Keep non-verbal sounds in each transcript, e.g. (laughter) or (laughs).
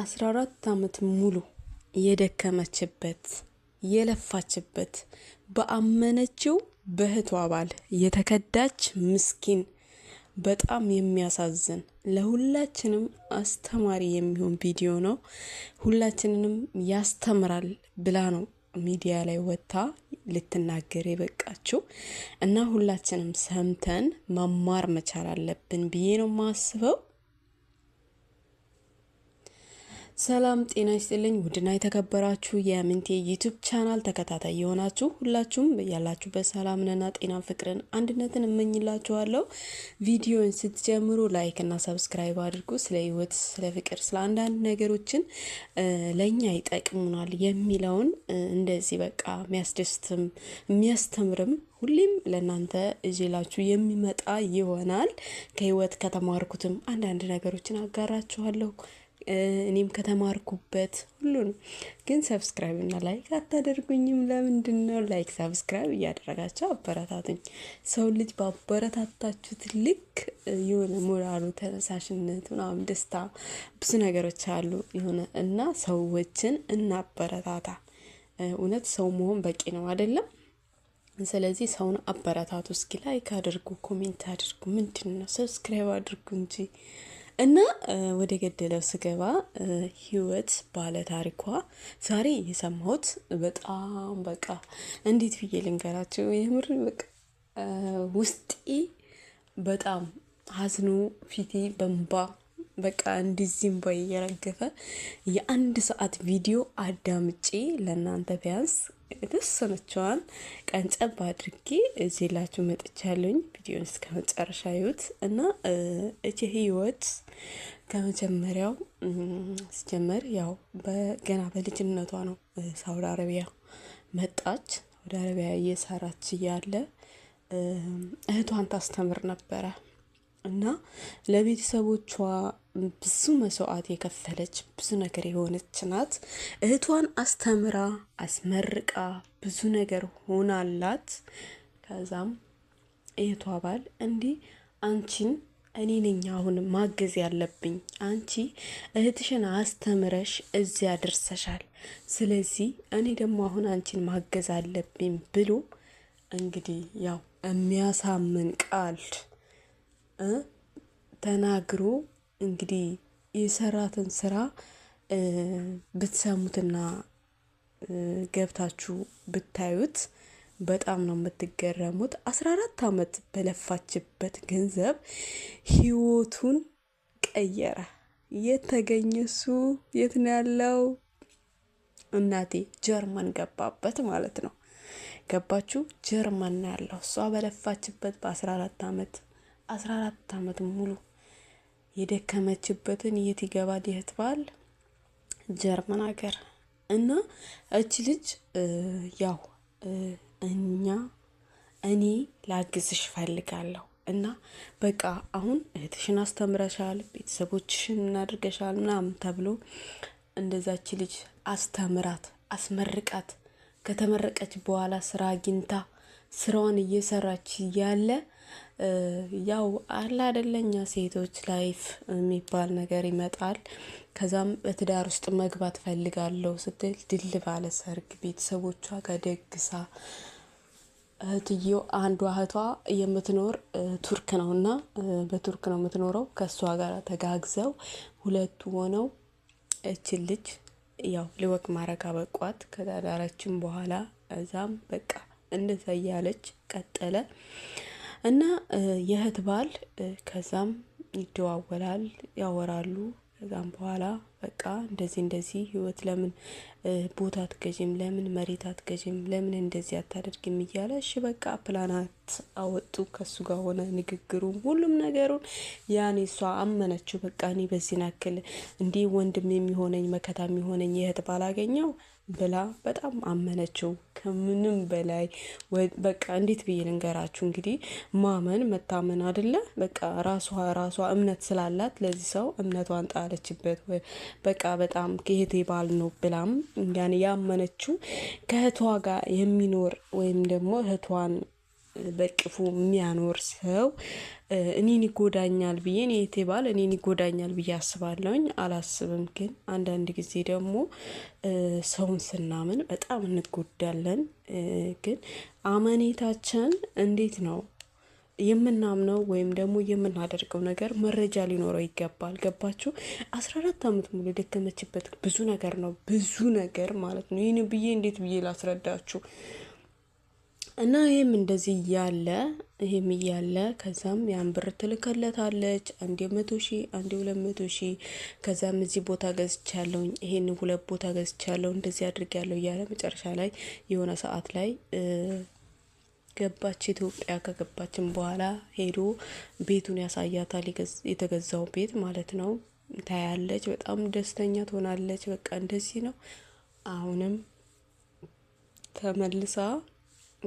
አስራ አራት ዓመት ሙሉ የደከመችበት የለፋችበት በአመነችው በእህቷ ባል የተከዳች ምስኪን በጣም የሚያሳዝን ለሁላችንም አስተማሪ የሚሆን ቪዲዮ ነው። ሁላችንንም ያስተምራል ብላ ነው ሚዲያ ላይ ወጥታ ልትናገር የበቃችው እና ሁላችንም ሰምተን መማር መቻል አለብን ብዬ ነው ማስበው። ሰላም ጤና ይስጥልኝ። ውድና የተከበራችሁ የምንቴ ዩቱብ ቻናል ተከታታይ የሆናችሁ ሁላችሁም ያላችሁበት ሰላምንና ጤናን፣ ፍቅርን፣ አንድነትን እመኝላችኋለሁ። ቪዲዮን ስትጀምሩ ላይክ እና ሰብስክራይብ አድርጉ። ስለ ህይወት ስለ ፍቅር፣ ስለ አንዳንድ ነገሮችን ለእኛ ይጠቅሙናል የሚለውን እንደዚህ በቃ የሚያስደስትም የሚያስተምርም ሁሌም ለእናንተ እዜላችሁ የሚመጣ ይሆናል። ከህይወት ከተማርኩትም አንዳንድ ነገሮችን አጋራችኋለሁ። እኔም ከተማርኩበት ነው። ግን ሰብስክራይብ እና ላይክ አታደርጉኝም? ለምንድን ነው? ላይክ ሰብስክራይብ እያደረጋቸው አበረታቱኝ። ሰው ልጅ ባበረታታችሁት ልክ የሆነ ሞራሉ፣ ተነሳሽነት ምናምን፣ ደስታ ብዙ ነገሮች አሉ የሆነ እና ሰዎችን እናበረታታ። እውነት ሰው መሆን በቂ ነው አይደለም? ስለዚህ ሰውን አበረታቱ። እስኪ ላይክ አድርጉ፣ ኮሜንት አድርጉ፣ ምንድን ነው ሰብስክራይብ አድርጉ እንጂ እና ወደ ገደለው ስገባ ህይወት ባለ ታሪኳ ዛሬ የሰማሁት በጣም በቃ እንዴት ብዬ ልንገራቸው፣ የምር ውስጤ በጣም አዝኖ ፊቴ በንባ በቃ እንዲዚህም ባይ እየረገፈ የአንድ ሰዓት ቪዲዮ አዳምጪ ለእናንተ ቢያንስ የተወሰነችዋን ቀንጨብ አድርጌ እዚህ ላችሁ መጥቻለኝ። ቪዲዮን እስከ መጨረሻ ይዩት እና እቺ ህይወት ከመጀመሪያው ሲጀመር ያው ገና በልጅነቷ ነው ሳውዲ አረቢያ መጣች። ሳውዲ አረቢያ እየሰራች እያለ እህቷን ታስተምር ነበረ እና ለቤተሰቦቿ ብዙ መስዋዕት የከፈለች ብዙ ነገር የሆነች ናት። እህቷን አስተምራ አስመርቃ ብዙ ነገር ሆናላት። ከዛም እህቷ ባል እንዲህ አንቺን እኔ ነኝ አሁን ማገዝ ያለብኝ አንቺ እህትሽን አስተምረሽ እዚያ ደርሰሻል። ስለዚህ እኔ ደግሞ አሁን አንቺን ማገዝ አለብኝ ብሎ እንግዲህ ያው የሚያሳምን ቃል ተናግሮ እንግዲህ የሰራትን ስራ ብትሰሙትና ገብታችሁ ብታዩት በጣም ነው የምትገረሙት። አስራ አራት አመት በለፋችበት ገንዘብ ህይወቱን ቀየረ። የት ተገኘ እሱ? የት ነው ያለው? እናቴ ጀርመን ገባበት ማለት ነው። ገባችሁ? ጀርመን ነው ያለው። እሷ በለፋችበት በአስራ አራት አመት አስራ አራት አመት ሙሉ የደከመችበትን የት ይገባል ይህት ባል ጀርመን ሀገር እና እች ልጅ ያው እኛ እኔ ላግዝሽ ፈልጋለሁ እና በቃ አሁን እህትሽን አስተምረሻል፣ ቤተሰቦችሽን እናድርገሻል ምናምን ተብሎ እንደዛች ልጅ አስተምራት አስመርቃት ከተመረቀች በኋላ ስራ አግኝታ ስራዋን እየሰራች ያለ ያው አለ አይደለ ሴቶች ላይፍ የሚባል ነገር ይመጣል። ከዛም በትዳር ውስጥ መግባት ፈልጋለሁ ስትል ድል ባለ ሰርግ ቤተሰቦቿ ጋር ደግሳ እህትየው አንዷ እህቷ የምትኖር ቱርክ ነው እና በቱርክ ነው የምትኖረው። ከእሷ ጋር ተጋግዘው ሁለቱ ሆነው እችን ልጅ ያው ለወግ ማድረግ አበቋት። ከዳዳራችን በኋላ እዛም በቃ እንደዛ እያለች ቀጠለ። እና የእህት ባል ከዛም ይደዋወላል ያወራሉ ከዛም በኋላ በቃ እንደዚህ እንደዚህ ህይወት ለምን ቦታ አትገዢም ለምን መሬት አትገዢም ለምን እንደዚህ አታደርግም? እያለ እሺ በቃ ፕላናት አወጡ ከሱ ጋር ሆነ ንግግሩም ሁሉም ነገሩን ያኔ እሷ አመነችው በቃ እኔ በዚህ ናክል እንዲህ ወንድም የሚሆነኝ መከታ የሚሆነኝ የእህት ባላገኘው ብላ በጣም አመነችው። ከምንም በላይ በቃ እንዴት ብዬ ልንገራችሁ እንግዲህ ማመን መታመን አደለ። በቃ ራሷ ራሷ እምነት ስላላት ለዚህ ሰው እምነቷን ጣለችበት። በቃ በጣም ከሄቴ ባል ነው ብላም ያመነችው ከእህቷ ጋር የሚኖር ወይም ደግሞ እህቷን በቅፉ የሚያኖር ሰው እኔን ይጎዳኛል ብዬ እኔ የቴ ባል እኔን ይጎዳኛል ብዬ አስባለሁኝ አላስብም። ግን አንዳንድ ጊዜ ደግሞ ሰውን ስናምን በጣም እንጎዳለን። ግን አመኔታችን እንዴት ነው የምናምነው ወይም ደግሞ የምናደርገው ነገር መረጃ ሊኖረው ይገባል። ገባችሁ? አስራ አራት አመት ሙሉ የደከመችበት ብዙ ነገር ነው ብዙ ነገር ማለት ነው። ይህን ብዬ እንዴት ብዬ ላስረዳችሁ እና ይህም እንደዚህ እያለ ይህም እያለ ከዛም ያን ብር ትልከለታለች። አንድ የመቶ ሺ አንድ የሁለት መቶ ሺ ከዛም እዚህ ቦታ ገዝቻለሁ፣ ይሄን ሁለት ቦታ ገዝቻለሁ፣ እንደዚህ አድርጊያለሁ እያለ መጨረሻ ላይ የሆነ ሰዓት ላይ ገባች። ኢትዮጵያ ከገባችን በኋላ ሄዶ ቤቱን ያሳያታል፣ የተገዛው ቤት ማለት ነው። ታያለች፣ በጣም ደስተኛ ትሆናለች። በቃ እንደዚህ ነው። አሁንም ተመልሳ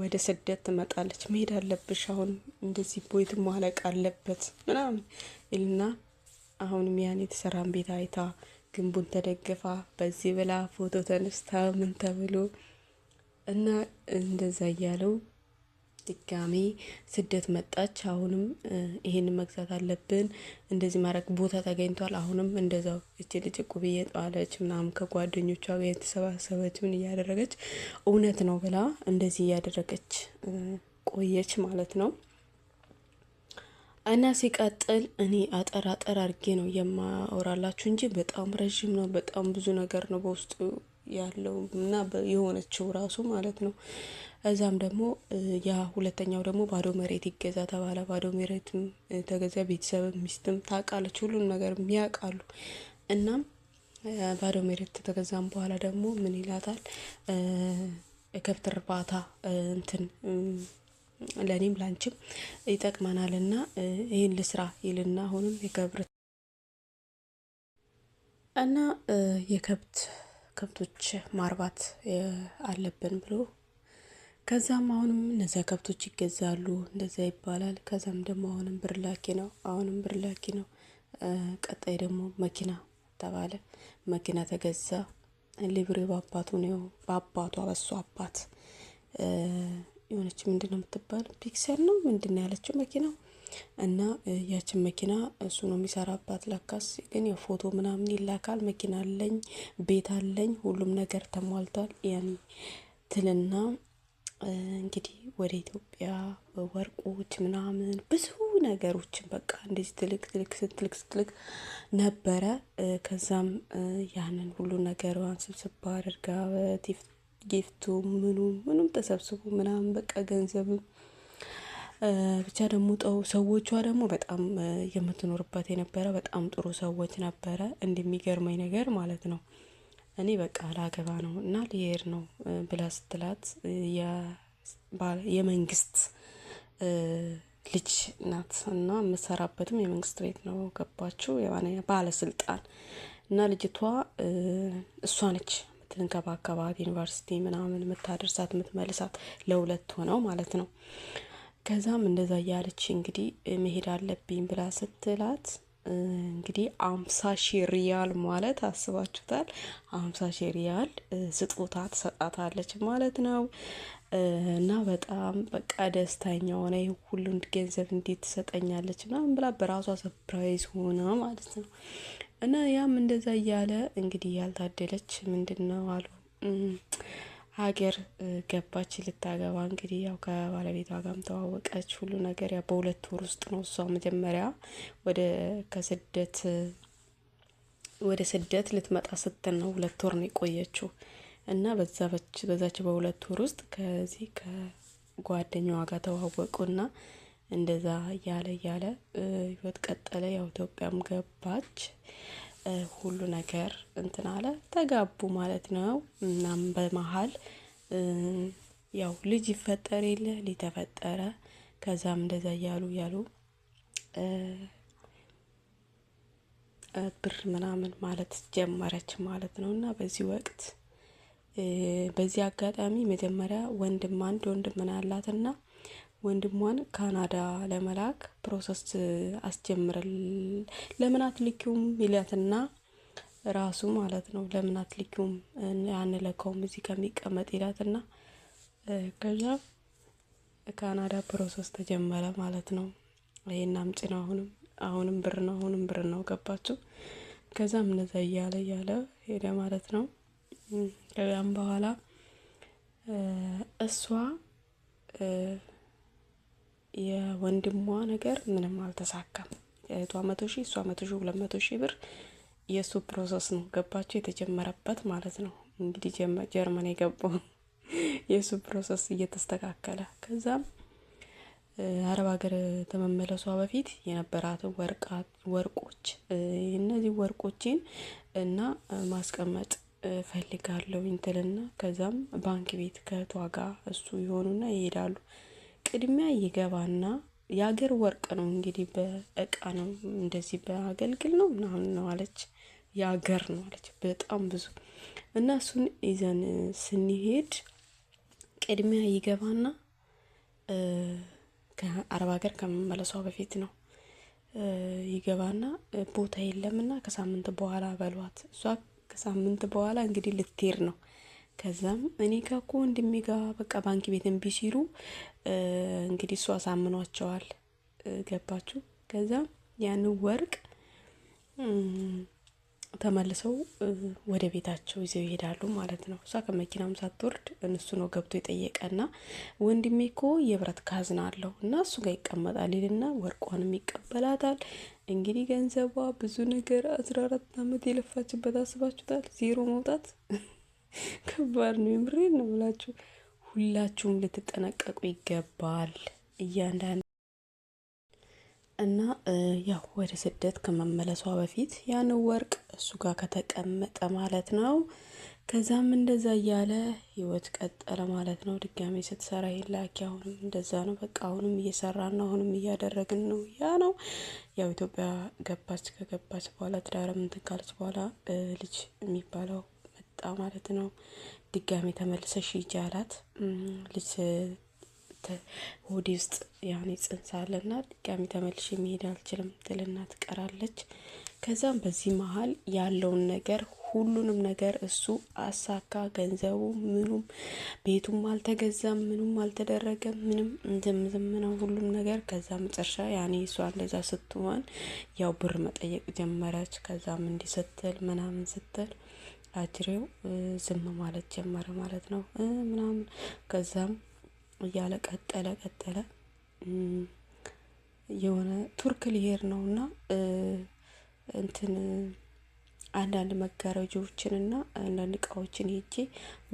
ወደ ስደት ትመጣለች። መሄድ አለብሽ አሁን እንደዚህ ቦይት ማለቅ አለበት ምናም ይልና አሁንም ያን የተሰራን ቤት አይታ ግንቡን ተደግፋ በዚህ ብላ ፎቶ ተነስታ ምን ተብሎ እና እንደዛ እያለው ድጋሚ ስደት መጣች። አሁንም ይሄን መግዛት አለብን፣ እንደዚህ ማድረግ ቦታ ተገኝቷል። አሁንም እንደዛው እቺ ልጅ እቁብ እየጣለች ምናምን ከጓደኞቿ ጋር ምን እያደረገች እውነት ነው ብላ እንደዚህ እያደረገች ቆየች ማለት ነው። እና ሲቀጥል እኔ አጠር አጠር አድርጌ ነው የማወራላችሁ እንጂ በጣም ረዥም ነው። በጣም ብዙ ነገር ነው በውስጡ ያለው እና የሆነችው ራሱ ማለት ነው። እዛም ደግሞ ያ ሁለተኛው ደግሞ ባዶ መሬት ይገዛ ተባለ። ባዶ መሬትም ተገዛ። ቤተሰብ ሚስትም ታውቃለች፣ ሁሉም ነገር ያውቃሉ። እናም ባዶ መሬት ተገዛም በኋላ ደግሞ ምን ይላታል ከብት እርባታ እንትን ለእኔም ይጠቅመናል ይጠቅመናልና ይህን ልስራ ይልና አሁንም የከብት እና የከብት ከብቶች ማርባት አለብን ብሎ ከዛም አሁንም እነዚያ ከብቶች ይገዛሉ፣ እንደዛ ይባላል። ከዛም ደግሞ አሁንም ብር ላኪ ነው፣ አሁንም ብር ላኪ ነው። ቀጣይ ደግሞ መኪና ተባለ፣ መኪና ተገዛ። ሊብሬ በአባቱ ነው፣ በአባቷ በሱ አባት የሆነች ምንድን ነው የምትባል ፒክሰል ነው ምንድን ነው ያለችው መኪናው እና ያችን መኪና እሱ ነው የሚሰራባት ለካስ። ግን የፎቶ ፎቶ ምናምን ይላካል። መኪና አለኝ፣ ቤት አለኝ፣ ሁሉም ነገር ተሟልቷል ያኔ ትልና እንግዲህ ወደ ኢትዮጵያ ወርቆች ምናምን ብዙ ነገሮችን በቃ እንደዚህ ትልቅ ትልቅ ስትልቅ ስትልቅ ነበረ። ከዛም ያንን ሁሉ ነገሯን ስብስባ አድርጋ ጊፍቱ ምኑ ምኑም ተሰብስቦ ምናምን በቃ ገንዘብም ብቻ ደግሞ ጠው ሰዎቿ ደግሞ በጣም የምትኖርበት የነበረ በጣም ጥሩ ሰዎች ነበረ እንደሚገርመኝ ነገር ማለት ነው። እኔ በቃ ላገባ ነው እና ልሄድ ነው ብላ ስትላት የመንግስት ልጅ ናት እና የምትሰራበትም የመንግስት ቤት ነው ገባችሁ ባለስልጣን እና ልጅቷ እሷ ነች የምትንከባከባት ዩኒቨርሲቲ ምናምን የምታደርሳት የምትመልሳት ለሁለት ሆነው ማለት ነው። ከዛም እንደዛ እያለች እንግዲህ መሄድ አለብኝ ብላ ስትላት እንግዲህ አምሳ ሺ ሪያል ማለት አስባችሁታል። አምሳ ሺ ሪያል ስጦታ ትሰጣታለች ማለት ነው። እና በጣም በቃ ደስተኛ ሆነ። ይህ ሁሉ ገንዘብ እንዴት ትሰጠኛለች ምናምን ብላ በራሷ ሰፕራይዝ ሆነ ማለት ነው። እና ያም እንደዛ እያለ እንግዲህ ያልታደለች ምንድን ነው አሉ ሀገር ገባች ልታገባ እንግዲህ ያው ከባለቤቷ ጋርም ተዋወቀች። ሁሉ ነገር ያው በሁለት ወር ውስጥ ነው። እሷ መጀመሪያ ወደ ከስደት ወደ ስደት ልትመጣ ስትል ነው ሁለት ወር ነው የቆየችው እና በዛች በሁለት ወር ውስጥ ከዚህ ከጓደኛዋ ጋር ተዋወቁና እንደዛ እያለ እያለ ህይወት ቀጠለ። ያው ኢትዮጵያም ገባች። ሁሉ ነገር እንትን አለ ተጋቡ ማለት ነው። እናም በመሀል ያው ልጅ ይፈጠር የለ ሊተፈጠረ ተፈጠረ። ከዛም እንደዛ እያሉ እያሉ ብር ምናምን ማለት ጀመረች ማለት ነው። እና በዚህ ወቅት በዚህ አጋጣሚ መጀመሪያ ወንድም አንድ ወንድም ምናላትና ወንድሟን ካናዳ ለመላክ ፕሮሰስ አስጀምረል ለምን አትልኪውም ይላትና ራሱ ማለት ነው ለምን አትልኪውም አንለካውም እዚህ ከሚቀመጥ ይላትና ከዛ ካናዳ ፕሮሰስ ተጀመረ ማለት ነው። ይሄን አምጪ ነው አሁንም አሁንም ብር ነው አሁንም ብር ነው ገባችሁ። ከዛም እነዛ እያለ እያለ ሄደ ማለት ነው። ከዛም በኋላ እሷ የወንድሟ ነገር ምንም አልተሳካም። እህቷ መቶ ሺህ እሷ መቶ ሺህ ሁለት መቶ ሺህ ብር የእሱ ፕሮሰስ ነው ገባቸው የተጀመረበት ማለት ነው። እንግዲህ ጀርመን የገባው (laughs) የእሱ ፕሮሰስ እየተስተካከለ ከዛም አረብ ሀገር ተመመለሷ በፊት የነበራትን ወርቆች እነዚህ ወርቆችን እና ማስቀመጥ ፈልጋለሁ ይንትልና ከዛም ባንክ ቤት ከቷ ጋር እሱ የሆኑና ይሄዳሉ። ቅድሚያ ይገባና የሀገር ወርቅ ነው እንግዲህ በእቃ ነው እንደዚህ በአገልግል ነው ምናምን ነው አለች። የሀገር ነው አለች። በጣም ብዙ እና እሱን ይዘን ስንሄድ ቅድሚያ ይገባና ከአረብ ሀገር ከመመለሷ በፊት ነው ይገባና ቦታ የለምና ከሳምንት በኋላ በሏት። እሷ ከሳምንት በኋላ እንግዲህ ልትሄድ ነው ከዛም እኔ ጋ እኮ ወንድሜ ጋ በቃ ባንክ ቤት ቢሲሉ ሲሉ እንግዲህ እሱ አሳምኗቸዋል። ገባችሁ? ከዛም ያን ወርቅ ተመልሰው ወደ ቤታቸው ይዘው ይሄዳሉ ማለት ነው። እሷ ከመኪናም ሳትወርድ እነሱ ነው ገብቶ የጠየቀ ና ወንድሜ እኮ የብረት ካዝና አለው እና እሱ ጋር ይቀመጣል ይልና ወርቋንም ይቀበላታል። እንግዲህ ገንዘቧ ብዙ ነገር አስራ አራት አመት የለፋችበት አስባችሁታል። ዜሮ መውጣት ከባድ ነው። የምሬ ነው ብላችሁ ሁላችሁም ልትጠነቀቁ ይገባል። እያንዳንዱ እና ያው ወደ ስደት ከመመለሷ በፊት ያን ወርቅ እሱ ጋር ከተቀመጠ ማለት ነው። ከዛም እንደዛ እያለ ህይወት ቀጠለ ማለት ነው። ድጋሜ ስትሰራ ሄላኪ አሁንም እንደዛ ነው። በቃ አሁንም እየሰራን ነው፣ አሁንም እያደረግን ነው። ያ ነው ያው ኢትዮጵያ ገባች። ከገባች በኋላ ትዳረም እንትን ካለች በኋላ ልጅ የሚባለው ማለት ነው። ድጋሚ ተመልሰሽ ሂጂ አላት። ልጅ ሆዴ ውስጥ ያሁን ጽንስ አለና ድጋሚ ተመልሼ መሄድ አልችልም ትልና ትቀራለች። ከዛም በዚህ መሀል ያለውን ነገር ሁሉንም ነገር እሱ አሳካ። ገንዘቡ ምኑም ቤቱም አልተገዛም፣ ምኑም አልተደረገም፣ ምንም ዝምዝም ነው ሁሉም ነገር። ከዛ መጨረሻ ያኔ እሷ እንደዛ ስትሆን ያው ብር መጠየቅ ጀመረች። ከዛም እንዲህ ስትል ምናምን ስትል ላድሬው ዝም ማለት ጀመረ ማለት ነው ምናምን ከዛም እያለ ቀጠለ ቀጠለ። የሆነ ቱርክ ሊሄድ ነው እና እንትን አንዳንድ መጋረጃዎችን እና አንዳንድ እቃዎችን ሄጄ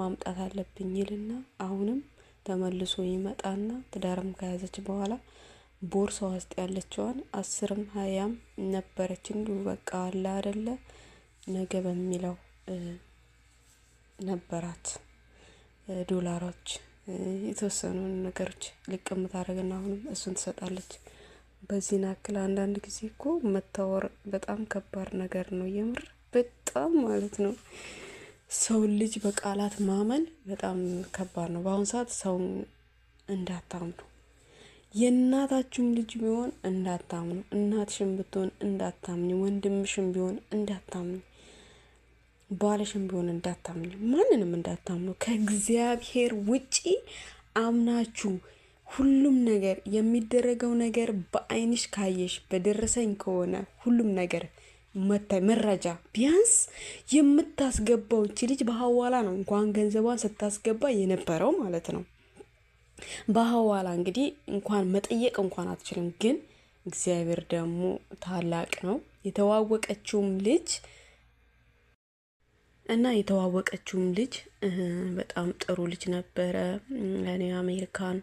ማምጣት አለብኝ ይልና አሁንም ተመልሶ ይመጣና ትዳርም ከያዘች በኋላ ቦርሳ ውስጥ ያለችዋን አስርም ሀያም ነበረች እንዲሁ በቃ አለ አደለ ነገ በሚለው ነበራት። ዶላሮች የተወሰኑ ነገሮች ልቅም ታደርግና አሁንም እሱን ትሰጣለች። በዚህ ናክል አንዳንድ ጊዜ እኮ መታወር በጣም ከባድ ነገር ነው። የምር በጣም ማለት ነው። ሰው ልጅ በቃላት ማመን በጣም ከባድ ነው። በአሁን ሰዓት ሰው እንዳታምኑ የእናታችሁም ልጅ ቢሆን እንዳታምኑ፣ እናትሽም ብትሆን እንዳታምኝ፣ ወንድምሽም ቢሆን እንዳታምኝ። ባለሽም ቢሆን እንዳታምኝ፣ ማንንም እንዳታምኑ ከእግዚአብሔር ውጪ አምናችሁ ሁሉም ነገር የሚደረገው ነገር በአይንሽ ካየሽ በደረሰኝ ከሆነ ሁሉም ነገር መረጃ ቢያንስ የምታስገባው እቺ ልጅ በሀዋላ ነው እንኳን ገንዘቧን ስታስገባ የነበረው ማለት ነው። በሀዋላ እንግዲህ እንኳን መጠየቅ እንኳን አትችልም። ግን እግዚአብሔር ደግሞ ታላቅ ነው። የተዋወቀችውም ልጅ እና የተዋወቀችውም ልጅ በጣም ጥሩ ልጅ ነበረ። እኔ አሜሪካን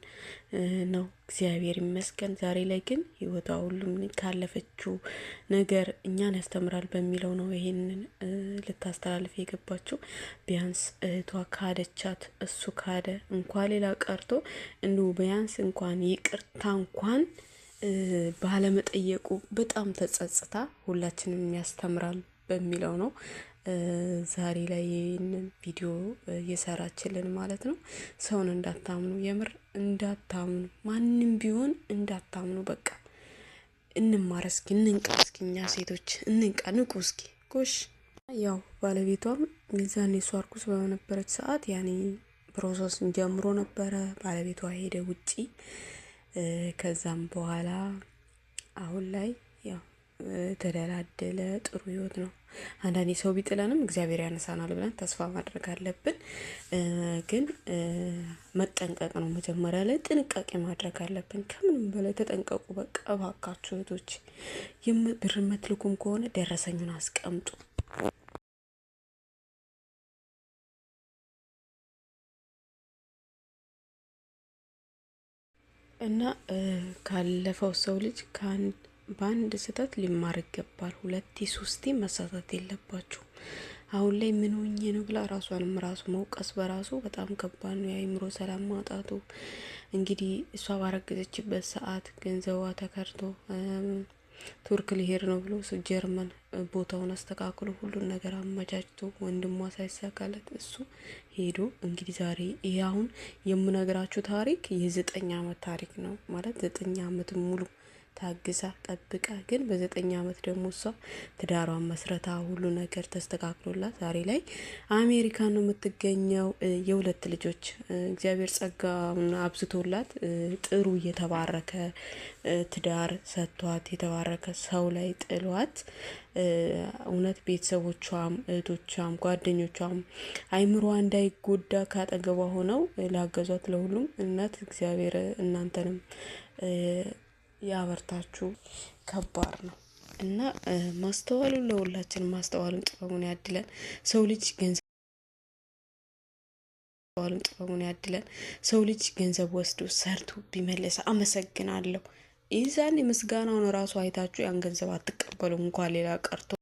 ነው እግዚአብሔር ይመስገን። ዛሬ ላይ ግን ህይወቷ ሁሉም ካለፈችው ነገር እኛን ያስተምራል በሚለው ነው ይሄንን ልታስተላልፍ የገባችው። ቢያንስ እህቷ ካደቻት እሱ ካደ እንኳ ሌላ ቀርቶ እንዲሁ ቢያንስ እንኳን ይቅርታ እንኳን ባለመጠየቁ በጣም ተጸጽታ፣ ሁላችንም ያስተምራል በሚለው ነው ዛሬ ላይ ይህንን ቪዲዮ እየሰራችልን ማለት ነው። ሰውን እንዳታምኑ፣ የምር እንዳታምኑ፣ ማንም ቢሆን እንዳታምኑ። በቃ እንማር እስኪ፣ እንንቃ እስኪ፣ እኛ ሴቶች እንንቃ፣ ንቁ እስኪ። ጎሽ ያው ባለቤቷም የዛኔ እሷ እርጉዝ በነበረች ሰዓት ያኔ ፕሮሰስን ጀምሮ ነበረ። ባለቤቷ ሄደ ውጪ። ከዛም በኋላ አሁን ላይ ተደላደለ ጥሩ ህይወት ነው። አንዳንዴ ሰው ቢጥለንም እግዚአብሔር ያነሳናል ብለን ተስፋ ማድረግ አለብን። ግን መጠንቀቅ ነው መጀመሪያ ላይ ጥንቃቄ ማድረግ አለብን። ከምንም በላይ ተጠንቀቁ። በቃ እባካችሁ እህቶች፣ ብር የምትልኩም ከሆነ ደረሰኙን አስቀምጡ። እና ካለፈው ሰው ልጅ ከአንድ በአንድ ስህተት ሊማር ይገባል። ሁለቴ ሶስቴ መሳሳት የለባችሁ። አሁን ላይ ምን ሆኜ ነው ብላ ራሷንም ራሱ መውቀስ በራሱ በጣም ከባድ ነው። የአይምሮ ሰላም ማጣቱ እንግዲህ እሷ ባረገዘችበት ሰዓት ገንዘቧ ተከርቶ ቱርክ ሊሄድ ነው ብሎ ጀርመን ቦታውን አስተካክሎ ሁሉን ነገር አመቻችቶ ወንድሟ ሳይሳካለት እሱ ሄዶ እንግዲህ ዛሬ ይሄ አሁን የምነግራችሁ ታሪክ የዘጠኝ አመት ታሪክ ነው ማለት ዘጠኝ አመት ሙሉ ታግሳ ጠብቃ ግን በዘጠኝ ዓመት ደግሞ እሷ ትዳሯን መስረታ ሁሉ ነገር ተስተካክሎላት ዛሬ ላይ አሜሪካ ነው የምትገኘው። የሁለት ልጆች እግዚአብሔር ጸጋውን አብዝቶላት ጥሩ የተባረከ ትዳር ሰጥቷት የተባረከ ሰው ላይ ጥሏት እውነት ቤተሰቦቿም እህቶቿም ጓደኞቿም አይምሯ እንዳይጎዳ ካጠገቧ ሆነው ላገዟት ለሁሉም እናት እግዚአብሔር እናንተንም ያበርታችሁ። ከባድ ነው እና ማስተዋሉን ለሁላችን ማስተዋሉን ጥበቡን ያድለን። ሰው ልጅ ገንዘብ ጥበቡን ያድለን። ሰው ልጅ ገንዘብ ወስዶ ሰርቶ ቢመለስ አመሰግናለሁ። ይህዛን የምስጋናውን ራሱ አይታችሁ ያን ገንዘብ አትቀበሉም እንኳን ሌላ ቀርቶ